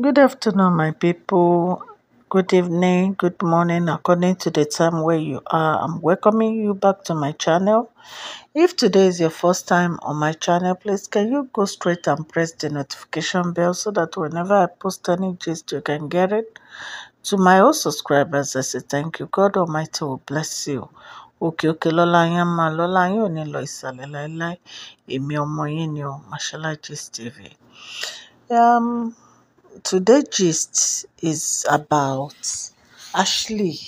Good afternoon, my people. Good evening, good morning, according to the time where you are. I'm welcoming you back to my channel. If today is your first time on my channel, please can you go straight and press the notification bell so that whenever I post any gist, you can get it. To my old subscribers, I say thank you. God Almighty will bless you. Okay, okay, lọ́la yẹn máa lọ́la yóò ní lọ ìsàlẹ̀ láéláé èmi I'm ni o Mashola Gist TV. Um, today gist is about Ashley.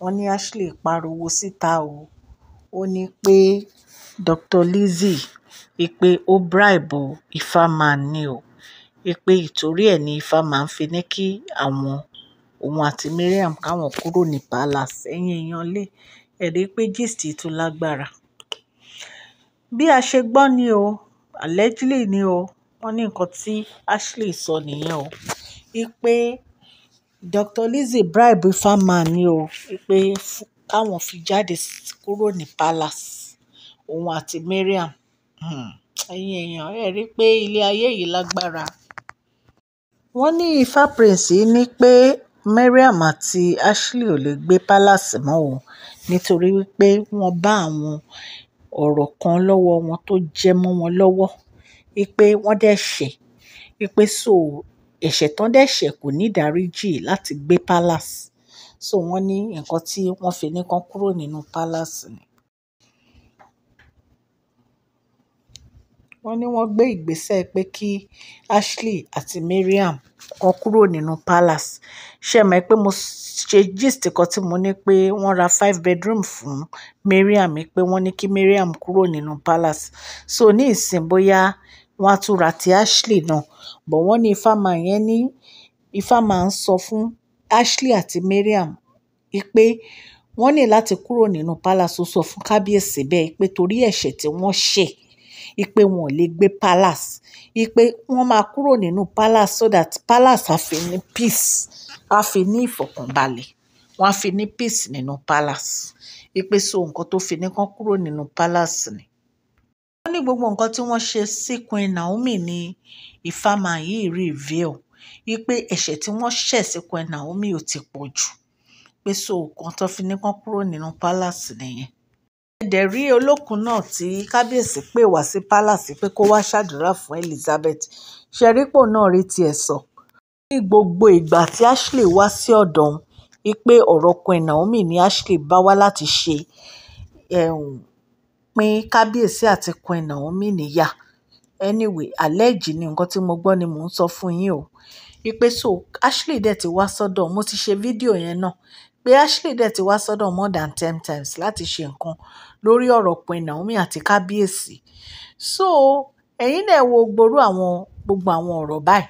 Wọ́n ní Ashley pariwo síta o. Ó ní pé Dr. Lizzy wípé ó bribe Ifeanyi ni o. Wípé ìtorí ẹ̀ ni Ifeanyi fi ní kí àwọn òun àti Mariam káwọn kúrò ní palace. Ẹ̀yin èèyàn lé, ẹ rí pé gist tún lágbára. Bí a ṣe gbọ́ ni o, allegedly ni o. Wọ́n ní nǹkan tí Ashley sọ nìyẹn o wípé Dr. Lizzy bribe Farmer ni o, wípé káwọn fi jáde kúrò ní palace, òun àti Mariam. Hmm. Ẹ̀yin èèyàn, ẹ rí i pé ilé ayé yìí lágbára. Wọ́n ní Ifá Prince ní pé Mariam àti Ashley ò lè gbé palace mọ́ o, nítorí wípé wọ́n bá àwọn ọ̀rọ̀ kan lọ́wọ́ wọn tó jẹ mọ́ wọn lọ́wọ́, wípé wọ́n dẹ̀ ṣẹ̀, wípé so ẹ̀ṣẹ̀ tán dẹ̀ ṣẹ̀ kò ní ìdáríjì láti gbé palace. So wọ́n ní nǹkan tí wọ́n fi ní kán kúrò nínú palace ni. Wọ́n ní wọ́n gbé ìgbésẹ̀ pé kí Ashley àti Miriam kán kúrò nínú palace. Ṣé ẹ mọ̀ pé mo ṣe gist kan tí mo ní pé wọ́n ra five bedroom fún Miriam pé wọ́n ní kí Miriam kúrò nínú palace. So ní ìsìn bóyá wọ́n á tún ra ti Ashley náà. But wọ́n ní ifá man yẹn ní, ifá man ń sọ fún Ashley àti Mariam pé wọ́n ní láti kúrò nínú palace. Ó sọ fún kábíyèsí bẹ́ẹ̀ pé torí ẹ̀ṣẹ̀ tí wọ́n ṣẹ̀, pé wọn lè gbé palace, pé wọ́n máa kúrò nínú palace so that palace á fi ní peace, á fi ní ìfọ̀kànbalẹ̀, wọ́n á fi ní peace nínú palace. Pé so nǹkan tó fi ní kí wọ́n kúrò nínú palace ni lẹ́yìn gbogbo nǹkan tí wọ́n ṣe sí Queen Naomi ní ìfàmà yìí reveal wípé ẹ̀ṣẹ̀ tí wọ́n ṣẹ̀ sí Queen Naomi ò ti pọ̀ jù pé so kan tó fi ní kán kúrò nínú palace nìyẹn. ẹ̀dẹ̀ rí olókùn náà tí kábíyèsí pè wá sí palace pé kó wá ṣàdúrà fún Elizabeth ṣẹ̀rípò náà rí tiẹ̀ sọ. ní gbogbo ìgbà tí Ashley wá sí ọ̀dọ̀ òun wípé ọ̀rọ̀ Queen Naomi ni Ashley bá wá láti ṣe. Um, pín kábíyèsí àti queen naomi níyà anyway alẹ́ ni nǹkan tí mo gbọ́ ni mò ń sọ fún yín o wípé so ashley dẹ̀ ti wá sọ́dọ̀ mo ti ṣe fídíò yẹn náà pé ashley dẹ̀ ti wá sọ́dọ̀ more than ten times láti ṣe nǹkan lórí ọ̀rọ̀ queen naomi àti kábíyèsí so ẹ̀yin náà wo gbòòrò àwọn gbogbo àwọn ọ̀rọ̀ báyìí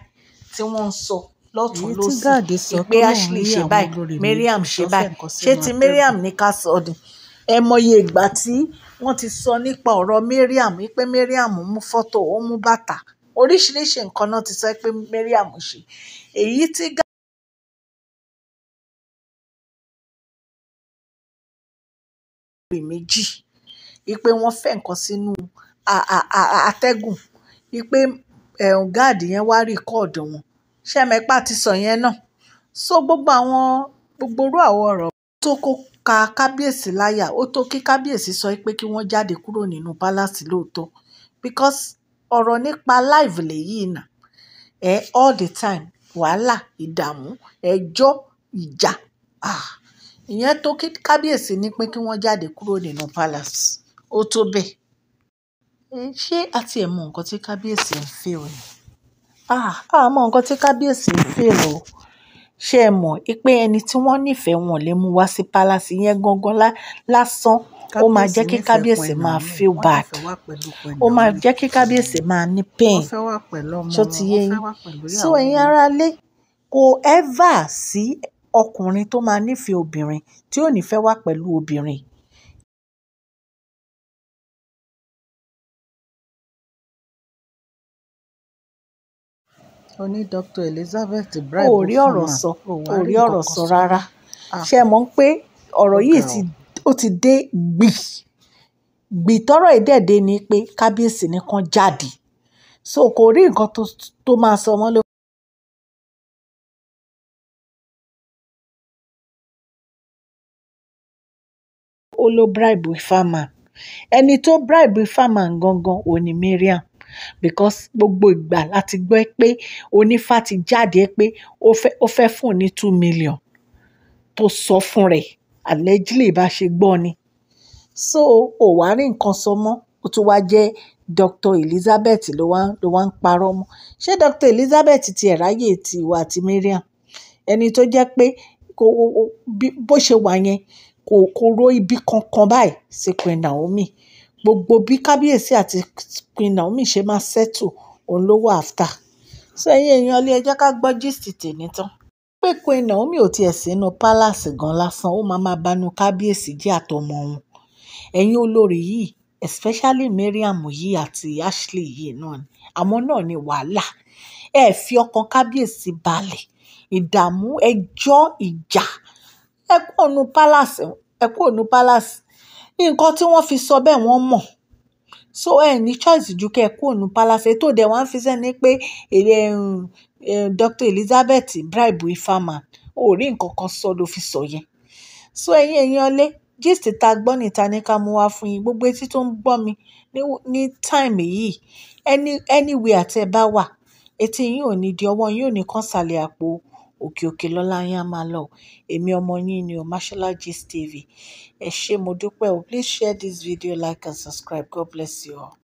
tí wọ́n ń sọ lọ́tún lọ́sì ìpè ashley ṣe báyìí mariam ṣe báyìí ṣé ti mariam ní ká sọ ni. Ẹ mọye ìgbà tí wọ́n ti sọ nípa ọ̀rọ̀ Mariam wípé Mariam mú fọ́tò, ó mú bàtà. Oríṣiríṣi nǹkan náà ti sọ pé Mariam ṣe. Èyí tí Ga- méjì, wípé wọ́n fẹ́ ǹkan sínú atẹ́gùn, wípé ẹ̀hún eh, gáàdì yẹn wá record wọn. Ṣé ẹ mọ̀ ti sọ yẹn náà? So gbogbo àwọn, gbogbo àwọn ọ̀rọ̀ tó kó ka kábíyèsí láyà ó tó kí kábíyèsí sọ pé kí wọ́n jáde kúrò nínú pálásì lóòótọ́ because ọ̀rọ̀ nípa live lèyí nà ẹ all the time wàhálà ìdààmú ẹjọ́ ìjà ìyẹn tó kí kábíyèsí ní pé kí wọ́n jáde kúrò nínú pálásì ó tó bẹ́ẹ̀ ṣé àti ẹ̀ mọ nǹkan tí kábíyèsí ń fẹ́ o ni àmọ́ nǹkan tí kábíyèsí ń fẹ́ o ṣé ẹ mọ̀ pé ẹni tí wọ́n nífẹ̀ẹ́ wọn lè mú wá sí pálásì yẹn gangan lásán ó máa jẹ́ kí kábíyèsí máa feel bad ó máa jẹ́ kí kábíyèsí máa ní pain ṣó ti yé yín so ẹ̀yin ará lé kò ever sí ọkùnrin tó máa nífẹ̀ẹ́ obìnrin tí ò ní fẹ́ wà pẹ̀lú obìnrin ó ní Dr. Elizabeth bribe ó rí ọ̀rọ̀ sọ ó rí ọ̀rọ̀ sọ rárá ah. ṣe mọ̀ ń pé ọ̀rọ̀ yìí ó ti dé gbì gbì tọ́rọ̀ ìdẹ́ẹ̀dẹ́ ni pé kábíyèsí nìkan jáde so kò rí nǹkan tó máa sọ mọ́ ló. ó ló bribe farmer ẹni tó bribe farmer gangan òní Mariam Because gbogbo ìgbà la ti gbọ́ pé onífá ti jáde pé ó fẹ́, ó fẹ́ fún un ní two million tó sọ fún rẹ̀. Allegedly bá ṣe gbọ́ ni. So ò wá rí nǹkan sọ mọ́. Ó tún wá jẹ́ Dr. Elizabeth ló wá, ló wá ń parọ́ mọ́. Ṣé Dr. Elizabeth ti ẹ̀ ráyè ti ìwọ àti Mariam? Ẹni tó jẹ́ pé kó, bó ṣe wà yẹn kò, kò ro ibi kankan báyìí sí Queen Naomi. Gbogbo bí Kábíyèsí àti Queen Naomi ṣe máa settle, òun ló wà after. So ẹ̀yin èèyàn ilé ẹ jẹ́ ká gbọ́ gist tèmi tán. Pé Queen Naomi ò tí è sí inú palace gan lásán, ó máa ma banú Kábíyèsí jẹ́ àtọmọ òun. Ẹ̀yin olórí yìí, especially Mariam yìí àti Ashley yìí náà ni, àwọn náà ni wàhálà. Ẹ fi ọkàn Kábíyèsí balẹ̀, ìdààmú, ẹjọ́, ìjà. Ẹ kúrò nínú palace, ẹ kúrò nínú palace nǹkan tí wọ́n fi sọ bẹ́ẹ̀ wọ́n mọ̀. So ẹ ní choice ju kí ẹ kúrò ní palace. Èyí tó dẹ̀ wá ń fi sẹ́ni pé Dr. Elizabeth bribe Ifeanyi. O ò rí nǹkan kan sọ ló fi sọ yẹn. So ẹ̀yin èèyàn ilé, gist ta gbọ́ ni ta ní ká mú wá fún yín. Gbogbo etí tó ń gbọ́ mi ní time yìí, any, anywhere tí ẹ bá wà, etí yín ò ní di ọwọ́ yín ò ní kan sàlẹ̀ àpò òkè òkè lọ́lá yín á máa lọ. Èmi ọmọ yín ni o, Mashola Gist TV. Ẹ ṣé, mo dúpẹ́ o. Please share this video, like and subscribe. God bless you all.